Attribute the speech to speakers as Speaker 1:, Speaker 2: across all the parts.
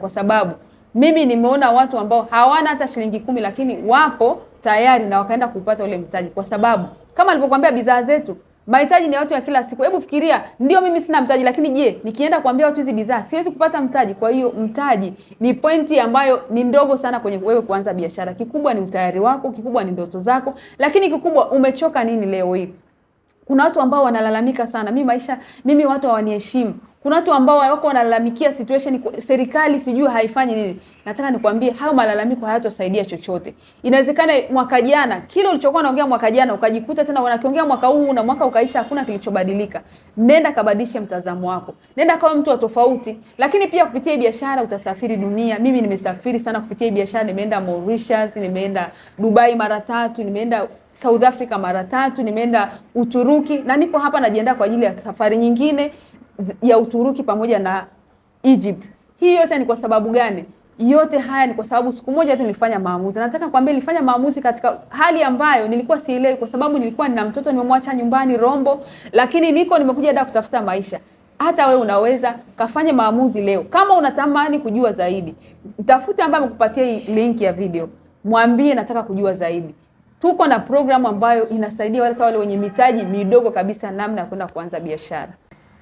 Speaker 1: kwa sababu mimi nimeona watu ambao hawana hata shilingi kumi, lakini wapo tayari na wakaenda kupata ule mtaji, kwa sababu kama alivyokuambia bidhaa zetu mahitaji ni watu ya kila siku. Hebu fikiria, ndio mimi sina mtaji, lakini je, nikienda kuambia watu hizi bidhaa siwezi kupata mtaji? Kwa hiyo mtaji ni pointi ambayo ni ndogo sana kwenye wewe kuanza biashara. Kikubwa ni utayari wako, kikubwa ni ndoto zako, lakini kikubwa umechoka nini leo hii. Kuna watu ambao wanalalamika sana, mimi maisha mimi watu hawaniheshimu. Kuna watu ambao wako wanalalamikia situation, serikali sijui haifanyi nini. Nataka nikwambie hayo malalamiko hayatosaidia chochote. Inawezekana mwaka jana kile ulichokuwa unaongea mwaka jana ukajikuta tena unakiongea mwaka huu na mwaka ukaisha, hakuna kilichobadilika. Nenda kabadilishe mtazamo wako, nenda kawa mtu wa tofauti. Lakini pia kupitia biashara utasafiri dunia. Mimi nimesafiri sana kupitia biashara, nimeenda Mauritius, nimeenda Dubai mara tatu, nimeenda South Africa mara tatu, nimeenda Uturuki na niko hapa najiandaa kwa ajili ya safari nyingine ya Uturuki pamoja na Egypt. Hii yote ni kwa sababu gani? Yote haya ni kwa sababu siku moja tu nilifanya maamuzi. Nataka kwambia nilifanya maamuzi katika hali ambayo nilikuwa sielewi, kwa sababu nilikuwa nina mtoto nimemwacha nyumbani Rombo, lakini niko nimekuja da kutafuta maisha. Hata we unaweza kafanye maamuzi leo. Kama unatamani kujua zaidi, mtafute ambaye amekupatia linki ya video, mwambie nataka kujua zaidi tuko na programu ambayo inasaidia hata wale wenye mitaji midogo kabisa namna ya kwenda kuanza biashara.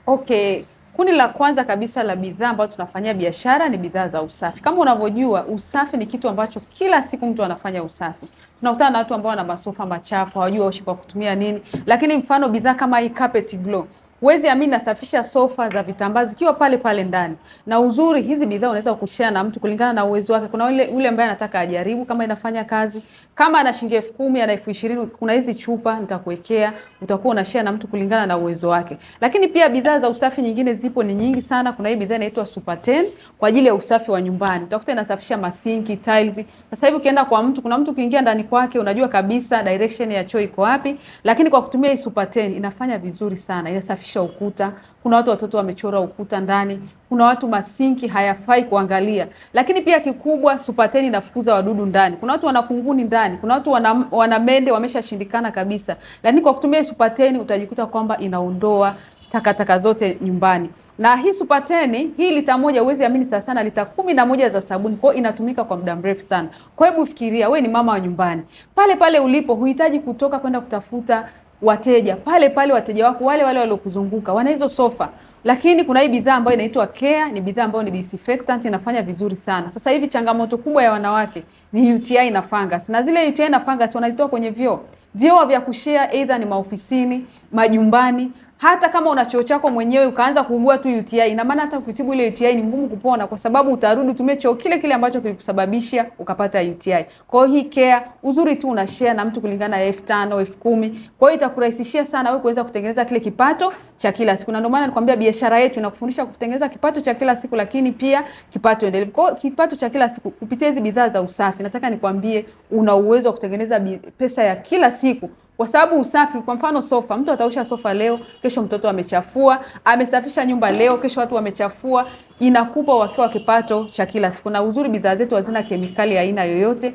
Speaker 1: Okay, kundi la kwanza kabisa la bidhaa ambazo tunafanyia biashara ni bidhaa za usafi. Kama unavyojua, usafi ni kitu ambacho kila siku mtu anafanya usafi. Tunakutana na watu ambao wana masofa machafu, hawajui waoshe kwa kutumia nini, lakini mfano bidhaa kama hii Carpet Glow Huwezi amini, nasafisha sofa za vitambaa zikiwa pale pale ndani. Na uzuri hizi bidhaa unaweza kushare na mtu kulingana na uwezo wake. Kuna yule yule ambaye anataka ajaribu kama inafanya kazi. Kama ana shilingi elfu kumi ana elfu ishirini kuna hizi chupa nitakuwekea, utakuwa una share na mtu kulingana na uwezo wake. Lakini pia bidhaa za usafi nyingine zipo ni nyingi sana. Kuna hii bidhaa inaitwa Super 10 kwa ajili ya usafi wa nyumbani. Utakuta inasafisha masinki, tiles. Sasa hivi ukienda kwa mtu, kuna mtu ukiingia ndani kwake unajua kabisa direction ya choo iko wapi, lakini kwa kutumia hii Super 10 inafanya vizuri sana. Inasafisha kusafisha ukuta, kuna watu watoto wamechora ukuta ndani, kuna watu masinki hayafai kuangalia. Lakini pia kikubwa, Supaten inafukuza wadudu ndani. Kuna watu wana kunguni ndani, kuna watu wana, wana mende wameshashindikana kabisa, lakini kwa kutumia supateni utajikuta kwamba inaondoa takataka zote nyumbani na hii Supateni hii lita moja uwezi amini, sana sana lita kumi na moja za sabuni, kwa inatumika kwa muda mrefu sana. Kwa hebu fikiria, we ni mama wa nyumbani, pale pale ulipo, huhitaji kutoka kwenda kutafuta wateja pale pale, wateja wako wale wale waliokuzunguka wana hizo sofa. Lakini kuna hii bidhaa ambayo inaitwa Care, ni bidhaa ambayo ni disinfectant, inafanya vizuri sana. Sasa hivi changamoto kubwa ya wanawake ni UTI na fungus, na zile UTI na fungus wanazitoa kwenye vyoo vyoo vya kushare, aidha ni maofisini, majumbani hata kama una choo chako mwenyewe ukaanza kuugua tu UTI, ina maana hata kutibu ile UTI ni ngumu kupona, kwa sababu utarudi utumie choo kile kile ambacho kilikusababisha ukapata UTI. Kwa hiyo hii care uzuri tu una share na mtu kulingana na elfu tano elfu kumi. Kwa hiyo itakurahisishia sana wewe kuweza kutengeneza kile kipato cha kila siku, na ndio maana nikwambia biashara yetu inakufundisha kutengeneza kipato cha kila siku, lakini pia kipato endelevu. Kwa hiyo kipato cha kila siku kupitia hizi bidhaa za usafi, nataka nikwambie una uwezo wa kutengeneza pesa ya kila siku kwa sababu usafi, kwa mfano sofa, mtu ataosha sofa leo, kesho mtoto amechafua, amesafisha nyumba leo, kesho watu wamechafua. Inakupa uhakika wa kipato cha kila siku, na uzuri bidhaa zetu hazina kemikali aina yoyote,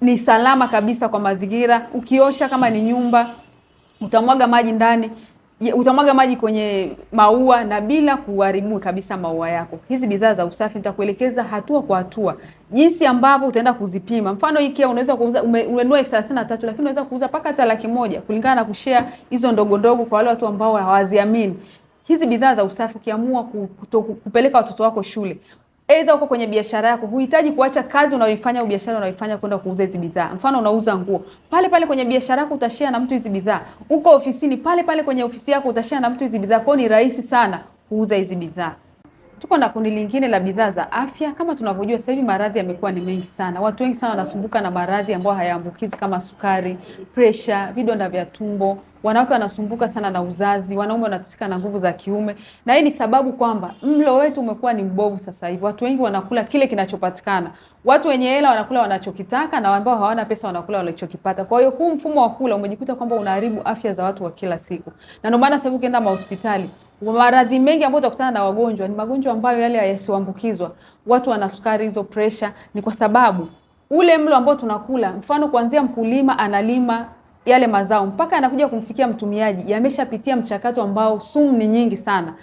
Speaker 1: ni salama kabisa kwa mazingira. Ukiosha kama ni nyumba, utamwaga maji ndani, utamwaga maji kwenye maua na bila kuharibu kabisa maua yako. Hizi bidhaa za usafi nitakuelekeza hatua kwa hatua jinsi ambavyo utaenda kuzipima. Mfano IKEA unaweza kuuza umenunua elfu thelathini na tatu lakini unaweza kuuza mpaka hata laki moja kulingana na kushare hizo ndogo ndogo kwa wale watu ambao hawaziamini. Hizi bidhaa za usafi ukiamua kupeleka watoto wako shule Aidha uko kwenye biashara yako, huhitaji kuacha kazi unayoifanya au biashara unayoifanya kwenda kuuza hizi bidhaa. Mfano unauza nguo, pale pale kwenye biashara yako utashare na mtu hizi bidhaa. Uko ofisini, pale pale kwenye ofisi yako utashare na mtu hizi bidhaa. Kwao ni rahisi sana kuuza hizi bidhaa. Tuko na kundi lingine la bidhaa za afya. Kama tunavyojua sasa hivi maradhi yamekuwa ni mengi sana, watu wengi sana wanasumbuka na maradhi ambayo hayaambukizi kama sukari, presha, vidonda vya tumbo wanawake wanasumbuka sana na uzazi, wanaume wanateseka na nguvu za kiume, na hii ni sababu kwamba mlo wetu umekuwa ni mbovu. Sasa hivi watu wengi wanakula kile kinachopatikana. Watu wenye hela wanakula wanachokitaka, na ambao hawana pesa wanakula walichokipata. Kwa hiyo huu mfumo wa kula umejikuta kwamba unaharibu afya za watu wa kila siku, na ndio maana sasa hivi ukienda mahospitali maradhi mengi ambayo utakutana na wagonjwa ni magonjwa ambayo yale hayasiambukizwa. Watu wana sukari hizo, pressure, ni kwa sababu ule mlo ambao tunakula. Mfano, kuanzia mkulima analima yale mazao mpaka yanakuja kumfikia mtumiaji yameshapitia mchakato ambao sumu ni nyingi sana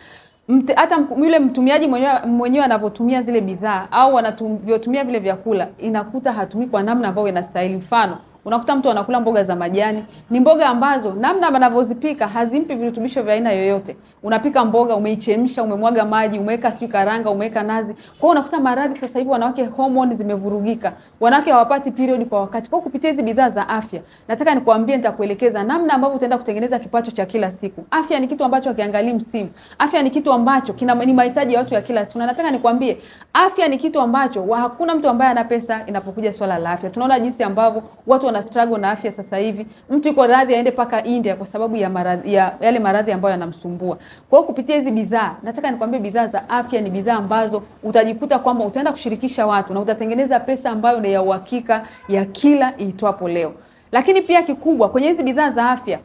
Speaker 1: Mte, hata yule mtumiaji mwenyewe mwenyewe anavyotumia zile bidhaa au anavyotumia vile vyakula, inakuta hatumii kwa namna ambayo inastahili. Mfano, Unakuta mtu anakula mboga za majani, ni mboga ambazo namna wanavyozipika hazimpi virutubisho vya aina yoyote. Unapika mboga, umeichemsha, umemwaga maji, umeweka sijui karanga, umeweka nazi. Kwa hiyo unakuta maradhi sasa hivi wanawake homoni zimevurugika, wanawake hawapati period kwa wakati. Kwa kupitia hizi bidhaa za afya, nataka nikuambie, nitakuelekeza namna ambavyo utaenda kutengeneza kipato cha kila siku. Afya ni kitu ambacho hakiangalii msimu. Afya ni kitu ambacho kina ni mahitaji ya watu ya kila siku, na nataka nikuambie, afya ni kitu ambacho hakuna mtu ambaye ana pesa. Inapokuja swala la afya, tunaona jinsi ambavyo watu wana wana struggle na afya sasa hivi. Mtu yuko radhi aende paka India kwa sababu ya, maradhi, ya yale maradhi ambayo yanamsumbua. Kwa hiyo kupitia hizi bidhaa, nataka nikwambie bidhaa za afya ni bidhaa ambazo utajikuta kwamba utaenda kushirikisha watu na utatengeneza pesa ambayo ni ya uhakika ya kila iitwapo leo. Lakini pia kikubwa kwenye hizi bidhaa za afya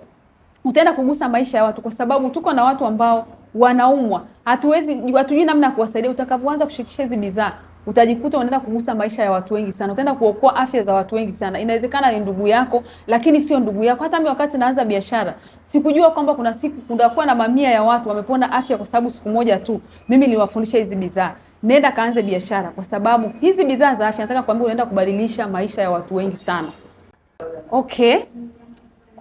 Speaker 1: utaenda kugusa maisha ya watu kwa sababu tuko na watu ambao wanaumwa, hatuwezi hatujui namna ya kuwasaidia. Utakapoanza kushirikisha hizi bidhaa utajikuta unaenda kugusa maisha ya watu wengi sana, utaenda kuokoa afya za watu wengi sana. Inawezekana ni ndugu yako, lakini sio ndugu yako. Hata mimi wakati naanza biashara sikujua kwamba kuna siku kunakuwa na mamia ya watu wamepona afya kwa sababu siku moja tu mimi niliwafundisha hizi bidhaa. Nenda kaanze biashara, kwa sababu hizi bidhaa za afya, nataka kuambia, unaenda kubadilisha maisha ya watu wengi sana. Okay.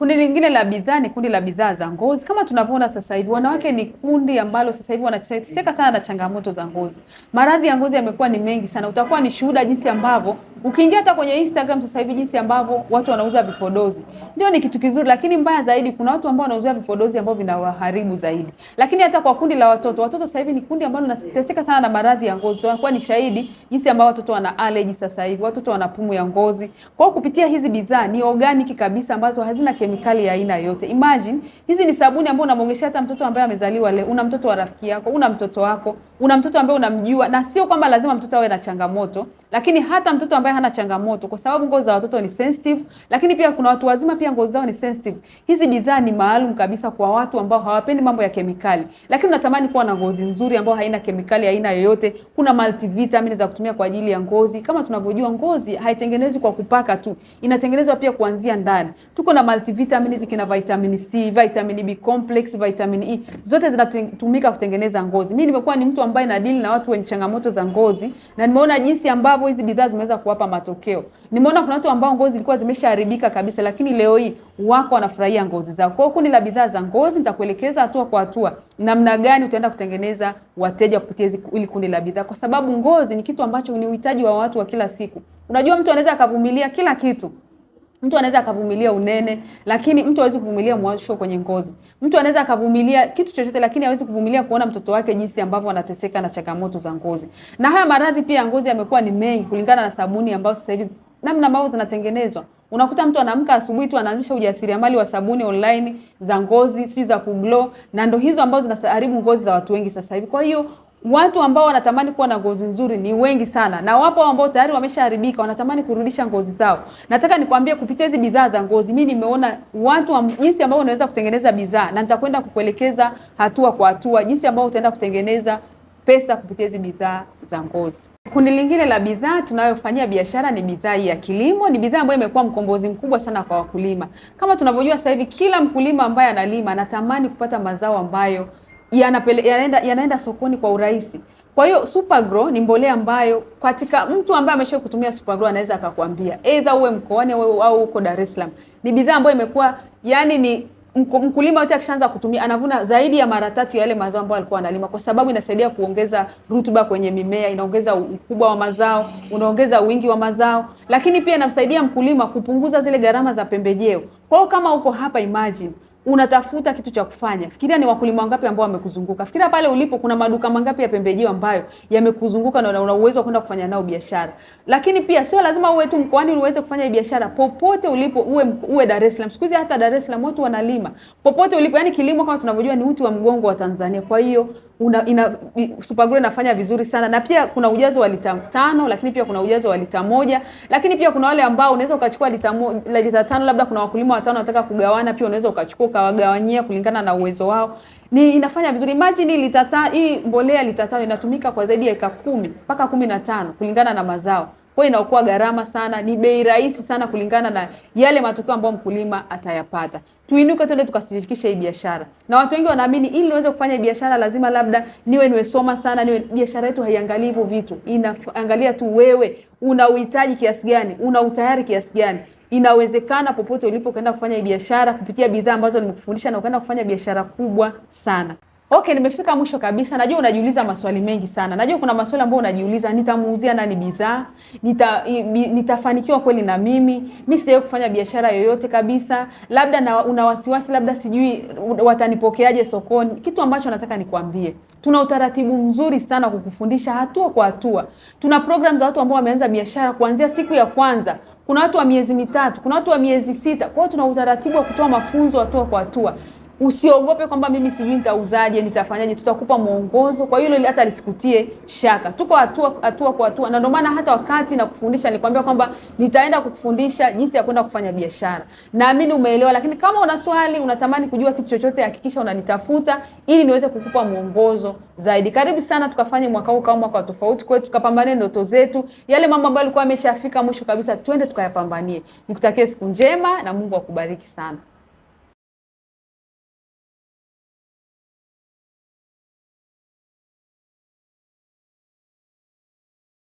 Speaker 1: Kundi lingine la bidhaa ni kundi la bidhaa za ngozi. Kama tunavyoona sasa hivi, wanawake ni kundi ambalo sasa hivi wanateseka sana na changamoto za ngozi. Maradhi ya ngozi yamekuwa ni mengi sana, utakuwa ni shuhuda jinsi ambavyo Ukiingia hata kwenye Instagram sasa hivi jinsi ambavyo watu wanauza vipodozi ndio ni kitu kizuri, lakini mbaya zaidi kuna watu ambao wanauza vipodozi ambao vinawaharibu zaidi. Lakini hata kwa kundi la watoto, watoto sasa hivi ni kundi ambalo linateseka sana na maradhi ya ngozi. Tunakuwa ni shahidi jinsi ambavyo watoto wana allergy sasa hivi, watoto wana pumu ya ngozi. Kwa kupitia hizi bidhaa ni organic kabisa ambazo hazina kemikali ya aina yoyote. Imagine hizi ni sabuni ambazo unamwogeshea hata mtoto ambaye amezaliwa leo, una mtoto wa rafiki yako, una mtoto wako una mtoto ambaye unamjua, na sio kwamba lazima mtoto awe na changamoto, lakini hata mtoto ambaye hana changamoto, kwa sababu ngozi za watoto ni sensitive. Lakini pia kuna watu wazima pia ngozi zao ni sensitive. Hizi bidhaa ni maalum kabisa kwa watu ambao hawapendi mambo ya kemikali, lakini unatamani kuwa na ngozi nzuri ambayo haina kemikali aina yoyote. Kuna multivitamin za kutumia kwa ajili ya ngozi. Kama tunavyojua, ngozi haitengenezwi kwa kupaka tu, inatengenezwa pia kuanzia ndani. Tuko na multivitamin, hizi, kina vitamin C, vitamin B complex, vitamin E, zote zinatumika kutengeneza ngozi. Mimi nimekuwa ni mtu ambayo inadili na watu wenye changamoto za ngozi, na nimeona jinsi ambavyo hizi bidhaa zimeweza kuwapa matokeo. Nimeona kuna watu ambao ngozi zilikuwa zimeshaharibika kabisa, lakini leo hii wako wanafurahia ngozi zao. Kwa kundi la bidhaa za ngozi, nitakuelekeza hatua kwa hatua namna gani utaenda kutengeneza wateja kupitia hili kundi la bidhaa, kwa sababu ngozi ni kitu ambacho ni uhitaji wa watu wa kila siku. Unajua, mtu anaweza akavumilia kila kitu Mtu anaweza akavumilia unene lakini mtu hawezi kuvumilia mwasho kwenye ngozi. Mtu anaweza akavumilia kitu chochote lakini hawezi kuvumilia kuona mtoto wake jinsi ambavyo anateseka na changamoto za ngozi. Na haya maradhi pia ya ngozi yamekuwa ni mengi kulingana na sabuni ambazo sasa hivi namna ambavyo zinatengenezwa. Unakuta mtu anaamka asubuhi tu anaanzisha ujasiriamali wa sabuni online za ngozi, si za kuglow na ndo hizo ambazo zinaharibu ngozi za watu wengi sasa hivi. Kwa hiyo Watu ambao wanatamani kuwa na ngozi nzuri ni wengi sana, na wapo ambao tayari wameshaharibika wanatamani kurudisha ngozi zao. Nataka nikwambie kupitia hizi bidhaa za ngozi, mimi nimeona watu amb jinsi ambao unaweza kutengeneza bidhaa, na nitakwenda kukuelekeza hatua kwa hatua jinsi ambao utaenda kutengeneza pesa kupitia hizi bidhaa za ngozi. Kundi lingine la bidhaa tunayofanyia biashara ni bidhaa ya kilimo. Ni bidhaa ambayo imekuwa mkombozi mkubwa sana kwa wakulima. Kama tunavyojua sasa hivi, kila mkulima ambaye analima anatamani kupata mazao ambayo yanapele, yanaenda, yanaenda sokoni kwa urahisi. Kwa hiyo Supergrow ni mbolea ambayo katika mtu ambaye amesha kutumia Supergrow anaweza akakwambia either uwe mkoani au uko Dar es Salaam. Ni bidhaa ambayo imekuwa yani ni mkulima yote akishaanza kutumia anavuna zaidi ya mara tatu yale mazao ambayo alikuwa analima, kwa sababu inasaidia kuongeza rutuba kwenye mimea, inaongeza ukubwa wa mazao, unaongeza wingi wa mazao, lakini pia inamsaidia mkulima kupunguza zile gharama za pembejeo. Kwa hiyo kama uko hapa, imagine unatafuta kitu cha kufanya, fikiria ni wakulima wangapi ambao wamekuzunguka. Fikiria pale ulipo kuna maduka mangapi ya pembejeo ambayo yamekuzunguka na una uwezo wa kwenda kufanya nao biashara. Lakini pia sio lazima uwe tu mkoani uweze kufanya biashara, popote ulipo uwe, uwe Dar es Salaam. Siku hizi hata Dar es Salaam watu wanalima popote ulipo, yani kilimo kama tunavyojua ni uti wa mgongo wa Tanzania, kwa hiyo una, ina, super glue inafanya vizuri sana, na pia kuna ujazo wa lita tano, lakini pia kuna ujazo wa lita moja, lakini pia kuna wale ambao unaweza ukachukua lita, moja, lita tano, labda kuna wakulima watano wanataka kugawana, pia unaweza ukachukua ukawagawanyia kulingana na uwezo wao. Ni inafanya vizuri. Imagine lita hii mbolea lita tano inatumika kwa zaidi ya eka kumi mpaka kumi na tano kulingana na mazao kwa hiyo inaokoa gharama sana, ni bei rahisi sana kulingana na yale matokeo ambayo mkulima atayapata. Tuinuke twende tukashirikishe hii biashara, na watu wengi wanaamini ili niweze kufanya biashara lazima labda niwe nimesoma sana, niwe biashara yetu haiangalii hivyo vitu, inaangalia tu wewe una uhitaji kiasi gani, una utayari kiasi gani. Inawezekana popote ulipo kaenda kufanya biashara kupitia bidhaa ambazo nimekufundisha na ukaenda kufanya biashara kubwa sana. Okay, nimefika mwisho kabisa. Najua unajiuliza maswali mengi sana. Najua kuna maswali ambayo unajiuliza, nitamuuzia nani bidhaa? Nita, nitafanikiwa kweli na mimi? Mimi sijawahi kufanya biashara yoyote kabisa. Labda na, una wasiwasi labda sijui watanipokeaje sokoni. Kitu ambacho nataka nikwambie. Tuna utaratibu mzuri sana kukufundisha hatua kwa hatua. Tuna program za watu ambao wameanza biashara kuanzia siku ya kwanza kuna watu wa miezi mitatu, kuna watu wa miezi sita. Kwa hiyo tuna utaratibu wa kutoa mafunzo hatua kwa hatua. Usiogope kwamba mimi sijui nitauzaje, nitafanyaje. Tutakupa mwongozo, kwa hiyo hata lisikutie shaka. Tuko hatua hatua kwa hatua, na ndio maana hata wakati na kufundisha nilikwambia kwamba nitaenda kukufundisha jinsi ya kwenda kufanya biashara. Naamini umeelewa, lakini kama una swali, unatamani kujua kitu chochote, hakikisha unanitafuta ili niweze kukupa mwongozo zaidi. Karibu sana, tukafanye mwaka huu kama mwaka wa tofauti kwetu, tukapambane ndoto zetu, yale mambo ambayo yalikuwa yameshafika mwisho kabisa, twende tukayapambanie. Nikutakie siku njema na Mungu akubariki sana.